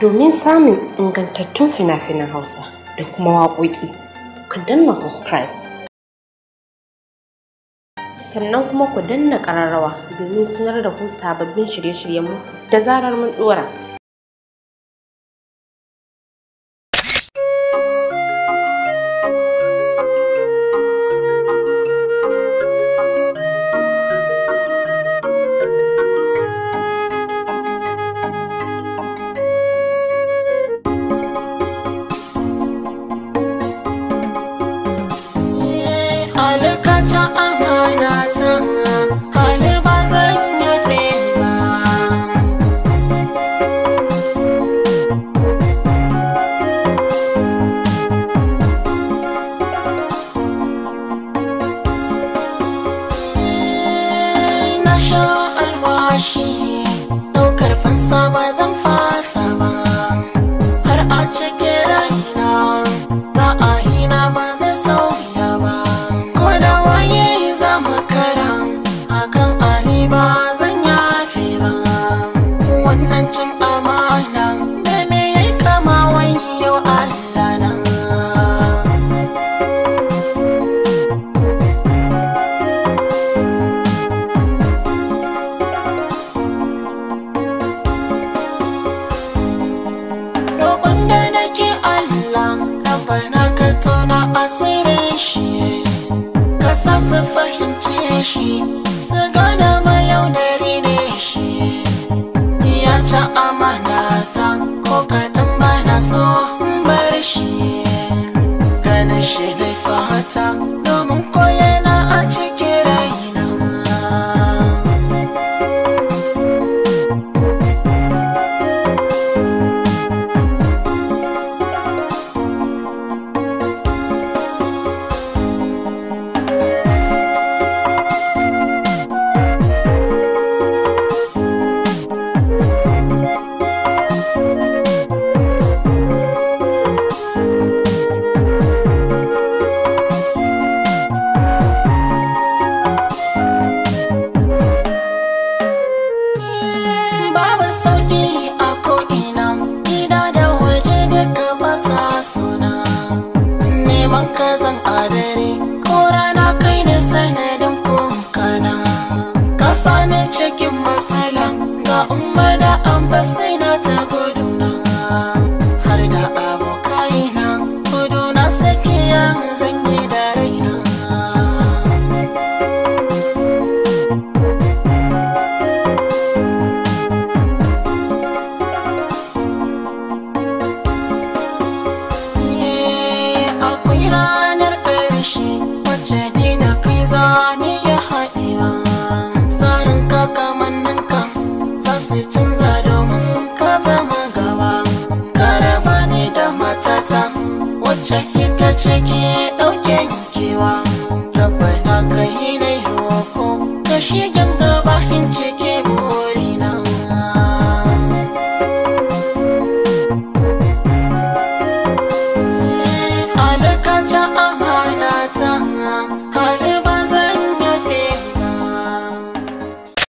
domin samun ingantattun fina-finan Hausa da kuma waƙoƙi. Ku danna subscribe. Sannan kuma ku danna ƙararrawa domin sanar da ku sababbin shirye-shiryenmu da zarar mun ɗora. tona asirin shi kasa su fahimci shi su gane da ne shi iya can amana ta ko kaɗan ba na so bar shi ganin shi dai fata sa suna neman ka zan adari ko rana kai ne sanadin kana ka sani cikin matsala ga umma da an amfani ya haɗewa tsarin kakamannin ka za su canza domin ka zama gaba ka ni da matata wacce ita ce ke